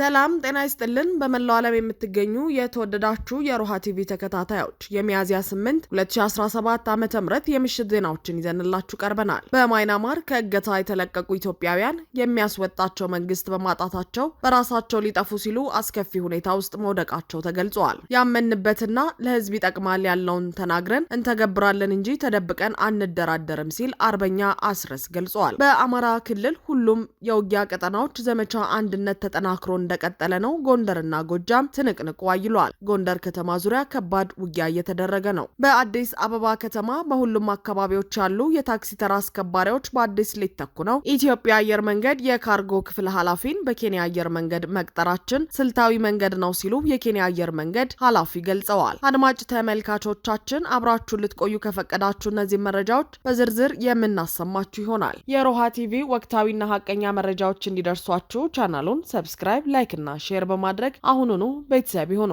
ሰላም ጤና ይስጥልን። በመላው ዓለም የምትገኙ የተወደዳችሁ የሮሃ ቲቪ ተከታታዮች የሚያዝያ 8 2017 ዓ ም የምሽት ዜናዎችን ይዘንላችሁ ቀርበናል። በማይናማር ከእገታ የተለቀቁ ኢትዮጵያውያን የሚያስወጣቸው መንግስት በማጣታቸው በራሳቸው ሊጠፉ ሲሉ አስከፊ ሁኔታ ውስጥ መውደቃቸው ተገልጿል። ያመንበትና ለህዝብ ይጠቅማል ያለውን ተናግረን እንተገብራለን እንጂ ተደብቀን አንደራደርም ሲል አርበኛ አስረስ ገልጿል። በአማራ ክልል ሁሉም የውጊያ ቀጠናዎች ዘመቻ አንድነት ተጠናክሮ እንደቀጠለ ነው። ጎንደርና ጎጃም ትንቅንቁ አይሏል። ጎንደር ከተማ ዙሪያ ከባድ ውጊያ እየተደረገ ነው። በአዲስ አበባ ከተማ በሁሉም አካባቢዎች ያሉ የታክሲ ተራ አስከባሪዎች በአዲስ ሊተኩ ነው። ኢትዮጵያ አየር መንገድ የካርጎ ክፍል ኃላፊን በኬንያ አየር መንገድ መቅጠራችን ስልታዊ መንገድ ነው ሲሉ የኬንያ አየር መንገድ ኃላፊ ገልጸዋል። አድማጭ ተመልካቾቻችን አብራችሁን ልትቆዩ ከፈቀዳችሁ እነዚህ መረጃዎች በዝርዝር የምናሰማችሁ ይሆናል። የሮሃ ቲቪ ወቅታዊና ሀቀኛ መረጃዎች እንዲደርሷችሁ ቻናሉን ሰብስክራይብ ላይክና ሼር በማድረግ አሁኑኑ ቤተሰብ ይሁኑ።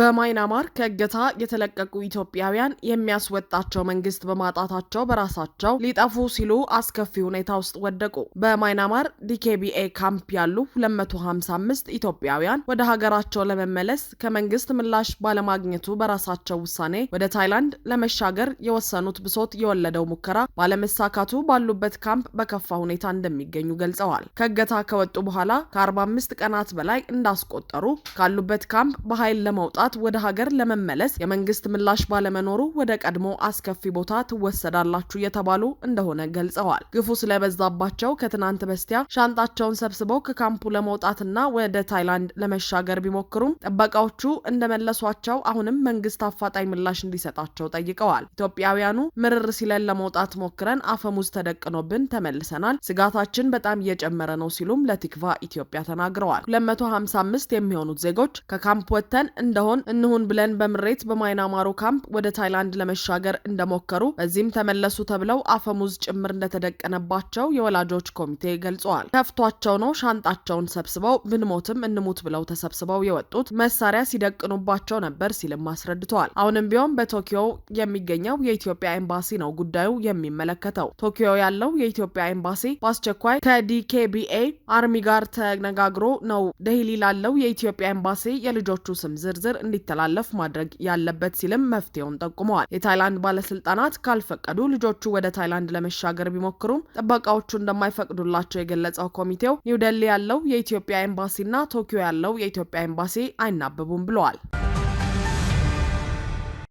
በማይናማር ከእገታ የተለቀቁ ኢትዮጵያውያን የሚያስወጣቸው መንግስት በማጣታቸው በራሳቸው ሊጠፉ ሲሉ አስከፊ ሁኔታ ውስጥ ወደቁ። በማይናማር ዲኬቢኤ ካምፕ ያሉ 255 ኢትዮጵያውያን ወደ ሀገራቸው ለመመለስ ከመንግስት ምላሽ ባለማግኘቱ በራሳቸው ውሳኔ ወደ ታይላንድ ለመሻገር የወሰኑት ብሶት የወለደው ሙከራ ባለመሳካቱ ባሉበት ካምፕ በከፋ ሁኔታ እንደሚገኙ ገልጸዋል። ከእገታ ከወጡ በኋላ ከ45 ቀናት በላይ እንዳስቆጠሩ ካሉበት ካምፕ በኃይል ለመውጣት ወጣት ወደ ሀገር ለመመለስ የመንግስት ምላሽ ባለመኖሩ ወደ ቀድሞ አስከፊ ቦታ ትወሰዳላችሁ እየተባሉ እንደሆነ ገልጸዋል። ግፉ ስለበዛባቸው ከትናንት በስቲያ ሻንጣቸውን ሰብስበው ከካምፑ ለመውጣትና ወደ ታይላንድ ለመሻገር ቢሞክሩም ጥበቃዎቹ እንደመለሷቸው አሁንም መንግስት አፋጣኝ ምላሽ እንዲሰጣቸው ጠይቀዋል። ኢትዮጵያውያኑ ምርር ሲለን ለመውጣት ሞክረን አፈሙዝ ተደቅኖብን ተመልሰናል። ስጋታችን በጣም እየጨመረ ነው ሲሉም ለቲክቫ ኢትዮጵያ ተናግረዋል። 255 የሚሆኑት ዜጎች ከካምፕ ወጥተን እንደሆነ እንሆን እንሁን ብለን በምሬት በማይናማሩ ካምፕ ወደ ታይላንድ ለመሻገር እንደሞከሩ በዚህም ተመለሱ ተብለው አፈሙዝ ጭምር እንደተደቀነባቸው የወላጆች ኮሚቴ ገልጸዋል። ከፍቷቸው ነው ሻንጣቸውን ሰብስበው ብንሞትም እንሙት ብለው ተሰብስበው የወጡት መሳሪያ ሲደቅኑባቸው ነበር ሲልም አስረድተዋል። አሁንም ቢሆን በቶኪዮ የሚገኘው የኢትዮጵያ ኤምባሲ ነው ጉዳዩ የሚመለከተው። ቶኪዮ ያለው የኢትዮጵያ ኤምባሲ በአስቸኳይ ከዲኬቢኤ አርሚ ጋር ተነጋግሮ ነው ደሂሊ ላለው የኢትዮጵያ ኤምባሲ የልጆቹ ስም ዝርዝር እንዲተላለፍ ማድረግ ያለበት ሲልም መፍትሄውን ጠቁመዋል። የታይላንድ ባለስልጣናት ካልፈቀዱ ልጆቹ ወደ ታይላንድ ለመሻገር ቢሞክሩም ጥበቃዎቹ እንደማይፈቅዱላቸው የገለጸው ኮሚቴው ኒውደሌ ያለው የኢትዮጵያ ኤምባሲና ቶኪዮ ያለው የኢትዮጵያ ኤምባሲ አይናበቡም ብለዋል።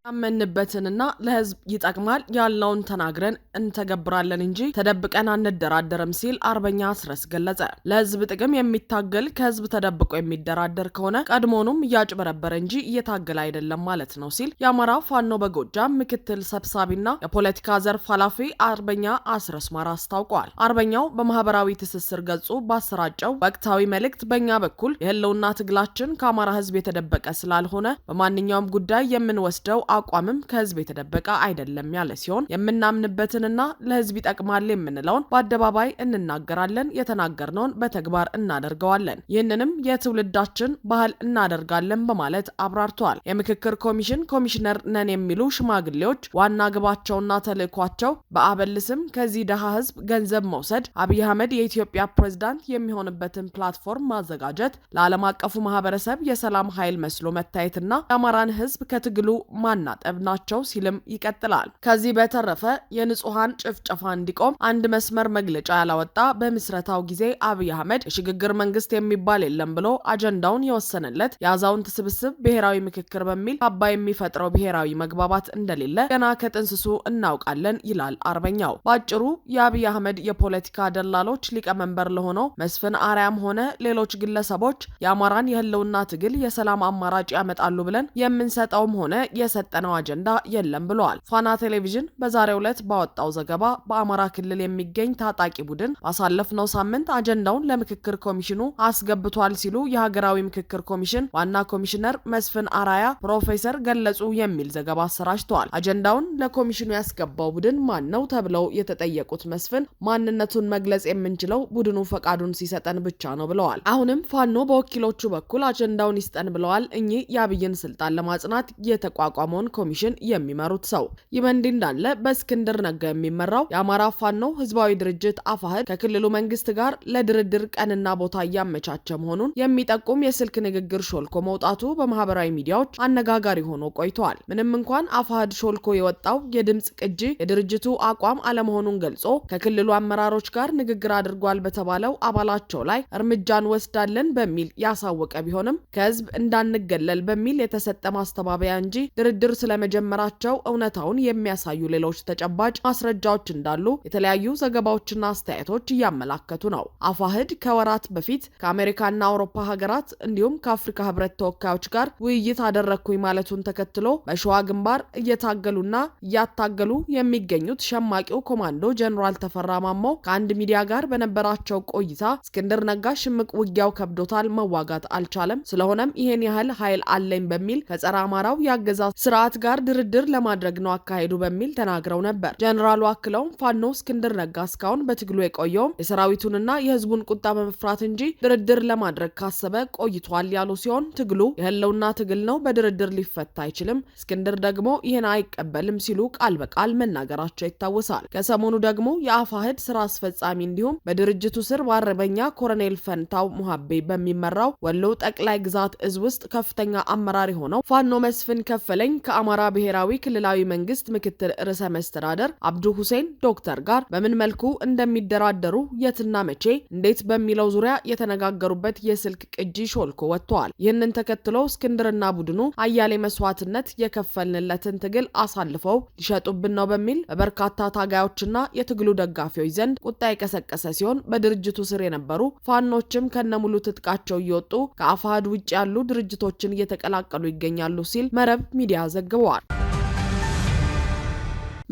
ያመንበትንና ለህዝብ ይጠቅማል ያለውን ተናግረን እንተገብራለን እንጂ ተደብቀን አንደራደርም ሲል አርበኛ አስረስ ገለጸ። ለህዝብ ጥቅም የሚታገል ከህዝብ ተደብቆ የሚደራደር ከሆነ ቀድሞኑም እያጭበረበረ እንጂ እየታገለ አይደለም ማለት ነው ሲል የአማራ ፋኖ በጎጃም ምክትል ሰብሳቢና የፖለቲካ ዘርፍ ኃላፊ አርበኛ አስረስ ማራ አስታውቋል። አርበኛው በማህበራዊ ትስስር ገጹ ባሰራጨው ወቅታዊ መልእክት በእኛ በኩል የህልውና ትግላችን ከአማራ ህዝብ የተደበቀ ስላልሆነ በማንኛውም ጉዳይ የምንወስደው አቋምም ከህዝብ የተደበቀ አይደለም ያለ ሲሆን የምናምንበትንና ለህዝብ ይጠቅማል የምንለውን በአደባባይ እንናገራለን፣ የተናገርነውን በተግባር እናደርገዋለን፣ ይህንንም የትውልዳችን ባህል እናደርጋለን በማለት አብራርተዋል። የምክክር ኮሚሽን ኮሚሽነር ነን የሚሉ ሽማግሌዎች ዋና ግባቸውና ተልዕኳቸው በአበል ስም ከዚህ ድሃ ህዝብ ገንዘብ መውሰድ፣ አብይ አህመድ የኢትዮጵያ ፕሬዝዳንት የሚሆንበትን ፕላትፎርም ማዘጋጀት፣ ለዓለም አቀፉ ማህበረሰብ የሰላም ኃይል መስሎ መታየትና የአማራን ህዝብ ከትግሉ ማን ማናጠብ ናቸው ሲልም ይቀጥላል። ከዚህ በተረፈ የንጹሐን ጭፍጨፋ እንዲቆም አንድ መስመር መግለጫ ያላወጣ በምስረታው ጊዜ አብይ አህመድ የሽግግር መንግስት የሚባል የለም ብሎ አጀንዳውን የወሰነለት የአዛውንት ስብስብ ብሔራዊ ምክክር በሚል አባ የሚፈጥረው ብሔራዊ መግባባት እንደሌለ ገና ከጥንስሱ እናውቃለን ይላል አርበኛው። በአጭሩ የአብይ አህመድ የፖለቲካ ደላሎች ሊቀመንበር ለሆነው መስፍን አርያም ሆነ ሌሎች ግለሰቦች የአማራን የህልውና ትግል የሰላም አማራጭ ያመጣሉ ብለን የምንሰጠውም ሆነ የሰጠ የተመጠነው አጀንዳ የለም ብለዋል። ፋና ቴሌቪዥን በዛሬው ዕለት ባወጣው ዘገባ በአማራ ክልል የሚገኝ ታጣቂ ቡድን ባሳለፍነው ሳምንት አጀንዳውን ለምክክር ኮሚሽኑ አስገብቷል ሲሉ የሀገራዊ ምክክር ኮሚሽን ዋና ኮሚሽነር መስፍን አራያ ፕሮፌሰር ገለጹ የሚል ዘገባ አሰራጅተዋል። አጀንዳውን ለኮሚሽኑ ያስገባው ቡድን ማን ነው ተብለው የተጠየቁት መስፍን ማንነቱን መግለጽ የምንችለው ቡድኑ ፈቃዱን ሲሰጠን ብቻ ነው ብለዋል። አሁንም ፋኖ በወኪሎቹ በኩል አጀንዳውን ይስጠን ብለዋል። እኚህ የአብይን ስልጣን ለማጽናት የተቋቋመው? ዞን ኮሚሽን የሚመሩት ሰው። ይህ በእንዲህ እንዳለ በእስክንድር ነጋ የሚመራው የአማራ ፋኖ ህዝባዊ ድርጅት አፋህድ ከክልሉ መንግስት ጋር ለድርድር ቀንና ቦታ እያመቻቸ መሆኑን የሚጠቁም የስልክ ንግግር ሾልኮ መውጣቱ በማህበራዊ ሚዲያዎች አነጋጋሪ ሆኖ ቆይተዋል። ምንም እንኳን አፋህድ ሾልኮ የወጣው የድምፅ ቅጂ የድርጅቱ አቋም አለመሆኑን ገልጾ ከክልሉ አመራሮች ጋር ንግግር አድርጓል በተባለው አባላቸው ላይ እርምጃን ወስዳለን በሚል ያሳወቀ ቢሆንም ከህዝብ እንዳንገለል በሚል የተሰጠ ማስተባበያ እንጂ ድርድር ድርድር ስለመጀመራቸው እውነታውን የሚያሳዩ ሌሎች ተጨባጭ ማስረጃዎች እንዳሉ የተለያዩ ዘገባዎችና አስተያየቶች እያመላከቱ ነው። አፋህድ ከወራት በፊት ከአሜሪካና አውሮፓ ሀገራት እንዲሁም ከአፍሪካ ህብረት ተወካዮች ጋር ውይይት አደረግኩኝ ማለቱን ተከትሎ በሸዋ ግንባር እየታገሉና እያታገሉ የሚገኙት ሸማቂው ኮማንዶ ጀኔራል ተፈራ ማሞ ከአንድ ሚዲያ ጋር በነበራቸው ቆይታ እስክንድር ነጋ ሽምቅ ውጊያው ከብዶታል፣ መዋጋት አልቻለም። ስለሆነም ይሄን ያህል ኃይል አለኝ በሚል ከጸረ አማራው የአገዛዝ ስራ ከህወሓት ጋር ድርድር ለማድረግ ነው አካሄዱ በሚል ተናግረው ነበር። ጀኔራሉ አክለውም ፋኖ እስክንድር ነጋ እስካሁን በትግሉ የቆየውም የሰራዊቱንና የህዝቡን ቁጣ በመፍራት እንጂ ድርድር ለማድረግ ካሰበ ቆይቷል ያሉ ሲሆን ትግሉ የህልውና ትግል ነው፣ በድርድር ሊፈታ አይችልም። እስክንድር ደግሞ ይህን አይቀበልም ሲሉ ቃል በቃል መናገራቸው ይታወሳል። ከሰሞኑ ደግሞ የአፋህድ ስራ አስፈጻሚ እንዲሁም በድርጅቱ ስር በአርበኛ ኮሎኔል ፈንታው ሙሀቤ በሚመራው ወሎ ጠቅላይ ግዛት እዝ ውስጥ ከፍተኛ አመራር የሆነው ፋኖ መስፍን ከፈለኝ ከአማራ ብሔራዊ ክልላዊ መንግስት ምክትል ርዕሰ መስተዳደር አብዱ ሁሴን ዶክተር ጋር በምን መልኩ እንደሚደራደሩ የትና መቼ እንዴት በሚለው ዙሪያ የተነጋገሩበት የስልክ ቅጂ ሾልኮ ወጥተዋል። ይህንን ተከትሎ እስክንድርና ቡድኑ አያሌ መስዋዕትነት የከፈልንለትን ትግል አሳልፈው ሊሸጡብን ነው በሚል በበርካታ ታጋዮችና የትግሉ ደጋፊዎች ዘንድ ቁጣ የቀሰቀሰ ሲሆን በድርጅቱ ስር የነበሩ ፋኖችም ከነሙሉ ትጥቃቸው እየወጡ ከአፋህድ ውጭ ያሉ ድርጅቶችን እየተቀላቀሉ ይገኛሉ ሲል መረብ ሚዲያ ዘግበዋል።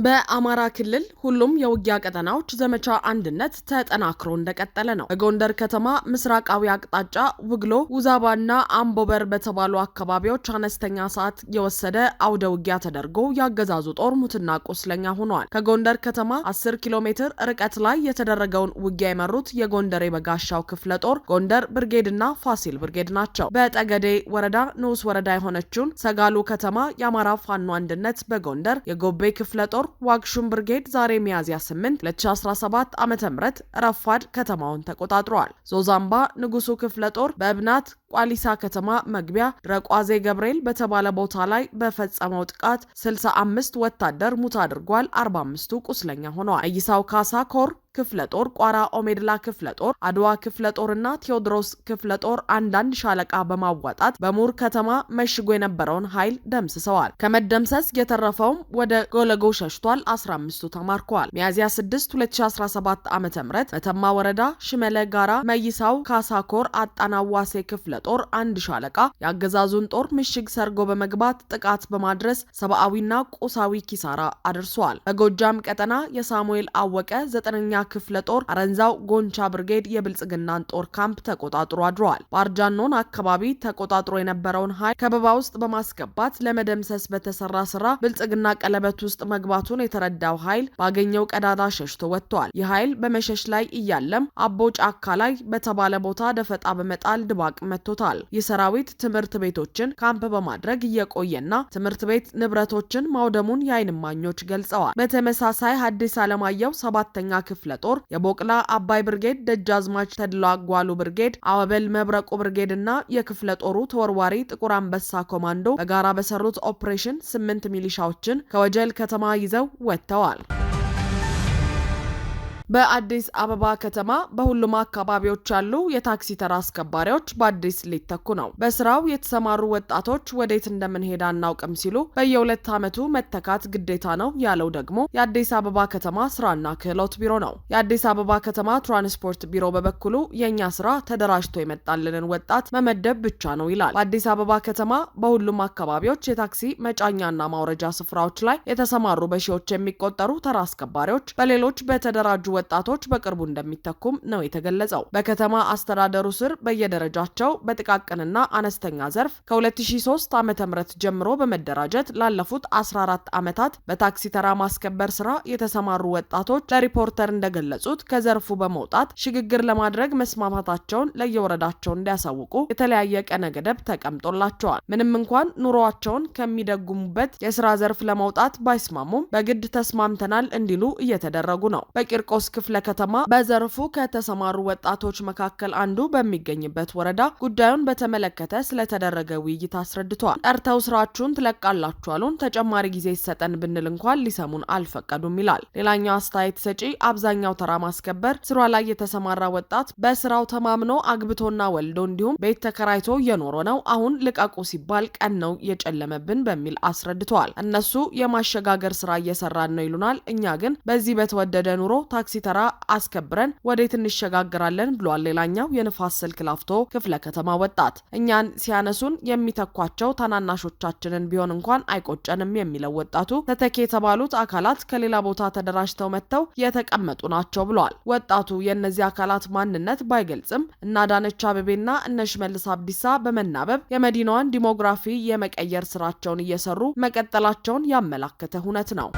በአማራ ክልል ሁሉም የውጊያ ቀጠናዎች ዘመቻ አንድነት ተጠናክሮ እንደቀጠለ ነው። በጎንደር ከተማ ምስራቃዊ አቅጣጫ ውግሎ፣ ውዛባና አምቦበር በተባሉ አካባቢዎች አነስተኛ ሰዓት የወሰደ አውደ ውጊያ ተደርጎ ያገዛዙ ጦር ሙትና ቁስለኛ ሆኗል። ከጎንደር ከተማ 10 ኪሎ ሜትር ርቀት ላይ የተደረገውን ውጊያ የመሩት የጎንደር የበጋሻው ክፍለ ጦር ጎንደር ብርጌድና ፋሲል ብርጌድ ናቸው። በጠገዴ ወረዳ ንዑስ ወረዳ የሆነችውን ሰጋሉ ከተማ የአማራ ፋኖ አንድነት በጎንደር የጎቤ ክፍለ ጦር ዋግሹም ብርጌድ ዛሬ ሚያዝያ 8 2017 ዓ ም ረፋድ ከተማውን ተቆጣጥሯል። ዞዛምባ ንጉሱ ክፍለ ጦር በእብናት ቋሊሳ ከተማ መግቢያ ድረቋዜ ገብርኤል በተባለ ቦታ ላይ በፈጸመው ጥቃት 65 ወታደር ሙት አድርጓል። 45ቱ ቁስለኛ ሆነዋል። አይሳው ካሳ ኮር ክፍለ ጦር፣ ቋራ ኦሜድላ ክፍለ ጦር፣ አድዋ ክፍለ ጦር እና ቴዎድሮስ ክፍለ ጦር አንዳንድ ሻለቃ በማዋጣት በሙር ከተማ መሽጎ የነበረውን ኃይል ደምስሰዋል። ከመደምሰስ የተረፈውም ወደ ጎለጎ ሸሽቷል። 15ቱ ተማርከዋል። ሚያዝያ 6 2017 ዓ ም መተማ ወረዳ ሽመለ ጋራ መይሳው ካሳኮር አጣናዋሴ ክፍለ ጦር አንድ ሻለቃ የአገዛዙን ጦር ምሽግ ሰርጎ በመግባት ጥቃት በማድረስ ሰብአዊና ቁሳዊ ኪሳራ አድርሷል። በጎጃም ቀጠና የሳሙኤል አወቀ ዘጠነኛ ክፍለ ጦር አረንዛው ጎንቻ ብርጌድ የብልጽግናን ጦር ካምፕ ተቆጣጥሮ አድሯል። ባርጃኖን አካባቢ ተቆጣጥሮ የነበረውን ኃይል ከበባ ውስጥ በማስገባት ለመደምሰስ በተሰራ ስራ ብልጽግና ቀለበት ውስጥ መግባቱን የተረዳው ኃይል ባገኘው ቀዳዳ ሸሽቶ ወጥቷል። ይህ ኃይል በመሸሽ ላይ እያለም አቦ ጫካ ላይ በተባለ ቦታ ደፈጣ በመጣል ድባቅ መቶ አካቶታል። የሰራዊት ትምህርት ቤቶችን ካምፕ በማድረግ እየቆየና ትምህርት ቤት ንብረቶችን ማውደሙን የአይን እማኞች ገልጸዋል። በተመሳሳይ ሐዲስ ዓለማየሁ ሰባተኛ ክፍለ ጦር የቦቅላ አባይ ብርጌድ፣ ደጃዝማች ተድላ አጓሉ ብርጌድ፣ አወበል መብረቁ ብርጌድ እና የክፍለ ጦሩ ተወርዋሪ ጥቁር አንበሳ ኮማንዶ በጋራ በሰሩት ኦፕሬሽን ስምንት ሚሊሻዎችን ከወጀል ከተማ ይዘው ወጥተዋል። በአዲስ አበባ ከተማ በሁሉም አካባቢዎች ያሉ የታክሲ ተራ አስከባሪዎች በአዲስ ሊተኩ ነው። በስራው የተሰማሩ ወጣቶች ወዴት እንደምንሄድ አናውቅም ሲሉ በየሁለት ዓመቱ መተካት ግዴታ ነው ያለው ደግሞ የአዲስ አበባ ከተማ ስራና ክህሎት ቢሮ ነው። የአዲስ አበባ ከተማ ትራንስፖርት ቢሮ በበኩሉ የእኛ ስራ ተደራጅቶ የመጣልንን ወጣት መመደብ ብቻ ነው ይላል። በአዲስ አበባ ከተማ በሁሉም አካባቢዎች የታክሲ መጫኛና ማውረጃ ስፍራዎች ላይ የተሰማሩ በሺዎች የሚቆጠሩ ተራ አስከባሪዎች በሌሎች በተደራጁ ወጣቶች በቅርቡ እንደሚተኩም ነው የተገለጸው። በከተማ አስተዳደሩ ስር በየደረጃቸው በጥቃቅንና አነስተኛ ዘርፍ ከ2003 ዓ ም ጀምሮ በመደራጀት ላለፉት 14 ዓመታት በታክሲ ተራ ማስከበር ስራ የተሰማሩ ወጣቶች ለሪፖርተር እንደገለጹት ከዘርፉ በመውጣት ሽግግር ለማድረግ መስማማታቸውን ለየወረዳቸው እንዲያሳውቁ የተለያየ ቀነ ገደብ ተቀምጦላቸዋል። ምንም እንኳን ኑሮዋቸውን ከሚደጉሙበት የስራ ዘርፍ ለመውጣት ባይስማሙም በግድ ተስማምተናል እንዲሉ እየተደረጉ ነው። በቂርቆስ ክፍለ ከተማ በዘርፉ ከተሰማሩ ወጣቶች መካከል አንዱ በሚገኝበት ወረዳ ጉዳዩን በተመለከተ ስለተደረገ ውይይት አስረድተዋል። ጠርተው ስራችሁን ትለቃላችሁ አሉን። ተጨማሪ ጊዜ ይሰጠን ብንል እንኳን ሊሰሙን አልፈቀዱም ይላል። ሌላኛው አስተያየት ሰጪ አብዛኛው ተራ ማስከበር ስራ ላይ የተሰማራ ወጣት በስራው ተማምኖ አግብቶና ወልዶ እንዲሁም ቤት ተከራይቶ እየኖረ ነው። አሁን ልቀቁ ሲባል ቀን ነው የጨለመብን በሚል አስረድተዋል። እነሱ የማሸጋገር ስራ እየሰራን ነው ይሉናል። እኛ ግን በዚህ በተወደደ ኑሮ ታክሲ ተራ አስከብረን ወዴት እንሸጋግራለን ብሏል። ሌላኛው የንፋስ ስልክ ላፍቶ ክፍለ ከተማ ወጣት እኛን ሲያነሱን የሚተኳቸው ታናናሾቻችንን ቢሆን እንኳን አይቆጨንም የሚለው ወጣቱ ተተኪ የተባሉት አካላት ከሌላ ቦታ ተደራጅተው መጥተው የተቀመጡ ናቸው ብሏል። ወጣቱ የእነዚህ አካላት ማንነት ባይገልጽም እነ አዳነች አበቤና እነ ሽመልስ አብዲሳ በመናበብ የመዲናዋን ዲሞግራፊ የመቀየር ስራቸውን እየሰሩ መቀጠላቸውን ያመላከተ ሁነት ነው።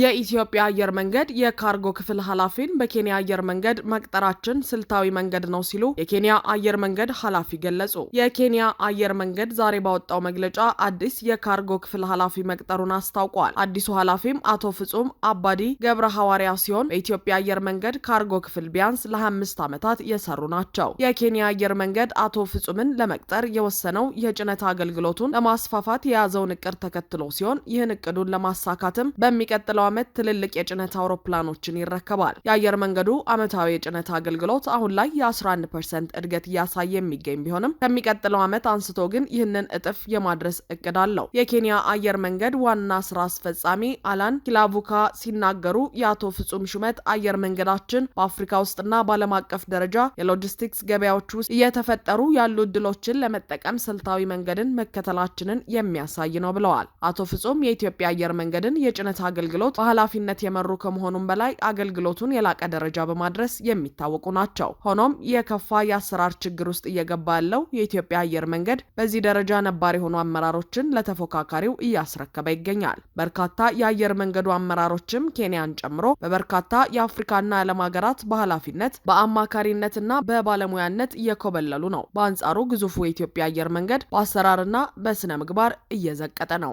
የኢትዮጵያ አየር መንገድ የካርጎ ክፍል ኃላፊን በኬንያ አየር መንገድ መቅጠራችን ስልታዊ መንገድ ነው ሲሉ የኬንያ አየር መንገድ ኃላፊ ገለጹ። የኬንያ አየር መንገድ ዛሬ ባወጣው መግለጫ አዲስ የካርጎ ክፍል ኃላፊ መቅጠሩን አስታውቋል። አዲሱ ኃላፊም አቶ ፍጹም አባዲ ገብረ ሐዋርያ ሲሆን በኢትዮጵያ አየር መንገድ ካርጎ ክፍል ቢያንስ ለአምስት ዓመታት የሰሩ ናቸው። የኬንያ አየር መንገድ አቶ ፍጹምን ለመቅጠር የወሰነው የጭነት አገልግሎቱን ለማስፋፋት የያዘውን እቅድ ተከትሎ ሲሆን ይህን እቅዱን ለማሳካትም በሚቀጥለው በሚቀጥለው ዓመት ትልልቅ የጭነት አውሮፕላኖችን ይረከባል። የአየር መንገዱ ዓመታዊ የጭነት አገልግሎት አሁን ላይ የ11 ፐርሰንት እድገት እያሳየ የሚገኝ ቢሆንም ከሚቀጥለው ዓመት አንስቶ ግን ይህንን እጥፍ የማድረስ እቅድ አለው። የኬንያ አየር መንገድ ዋና ስራ አስፈጻሚ አላን ኪላቡካ ሲናገሩ የአቶ ፍጹም ሹመት አየር መንገዳችን በአፍሪካ ውስጥና በዓለም አቀፍ ደረጃ የሎጂስቲክስ ገበያዎች ውስጥ እየተፈጠሩ ያሉ እድሎችን ለመጠቀም ስልታዊ መንገድን መከተላችንን የሚያሳይ ነው ብለዋል። አቶ ፍጹም የኢትዮጵያ አየር መንገድን የጭነት አገልግሎት ለውጥ በኃላፊነት የመሩ ከመሆኑም በላይ አገልግሎቱን የላቀ ደረጃ በማድረስ የሚታወቁ ናቸው። ሆኖም የከፋ የአሰራር ችግር ውስጥ እየገባ ያለው የኢትዮጵያ አየር መንገድ በዚህ ደረጃ ነባር የሆኑ አመራሮችን ለተፎካካሪው እያስረከበ ይገኛል። በርካታ የአየር መንገዱ አመራሮችም ኬንያን ጨምሮ በበርካታ የአፍሪካና ዓለም ሀገራት በኃላፊነት በአማካሪነትና በባለሙያነት እየኮበለሉ ነው። በአንጻሩ ግዙፉ የኢትዮጵያ አየር መንገድ በአሰራርና በስነ ምግባር እየዘቀጠ ነው።